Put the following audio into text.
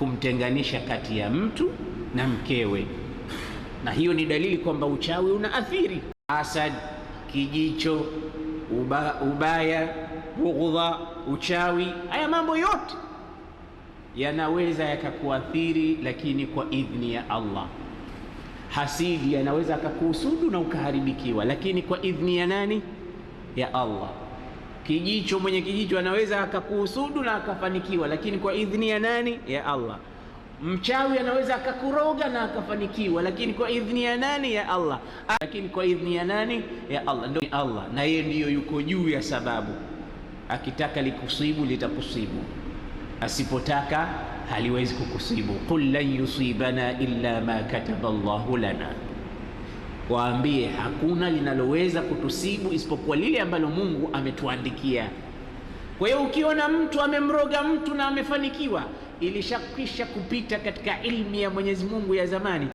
kumtenganisha kati ya mtu na mkewe, na hiyo ni dalili kwamba uchawi unaathiri hasad, kijicho, uba, ubaya, bughdha, uchawi. Haya mambo yote yanaweza yakakuathiri, lakini kwa idhni ya Allah. Hasidi yanaweza akakuusudu na ukaharibikiwa, lakini kwa idhni ya nani? Ya Allah. Kijicho, mwenye kijicho anaweza akakuhusudu na akafanikiwa, lakini kwa idhini ya nani? Ya Allah. Mchawi anaweza akakuroga na akafanikiwa, lakini kwa idhini ya nani? Ya Allah. Lakini kwa idhini ya nani? Ya Allah. Ndio Allah, na yeye ndiyo yuko juu ya sababu. Akitaka likusibu litakusibu, asipotaka haliwezi kukusibu. Qul lan yusibana illa ma kataba Allahu lana waambie hakuna linaloweza kutusibu isipokuwa lile ambalo Mungu ametuandikia. Kwa hiyo ukiona mtu amemroga mtu na amefanikiwa, ilishakwisha kupita katika ilmu ya Mwenyezi Mungu ya zamani.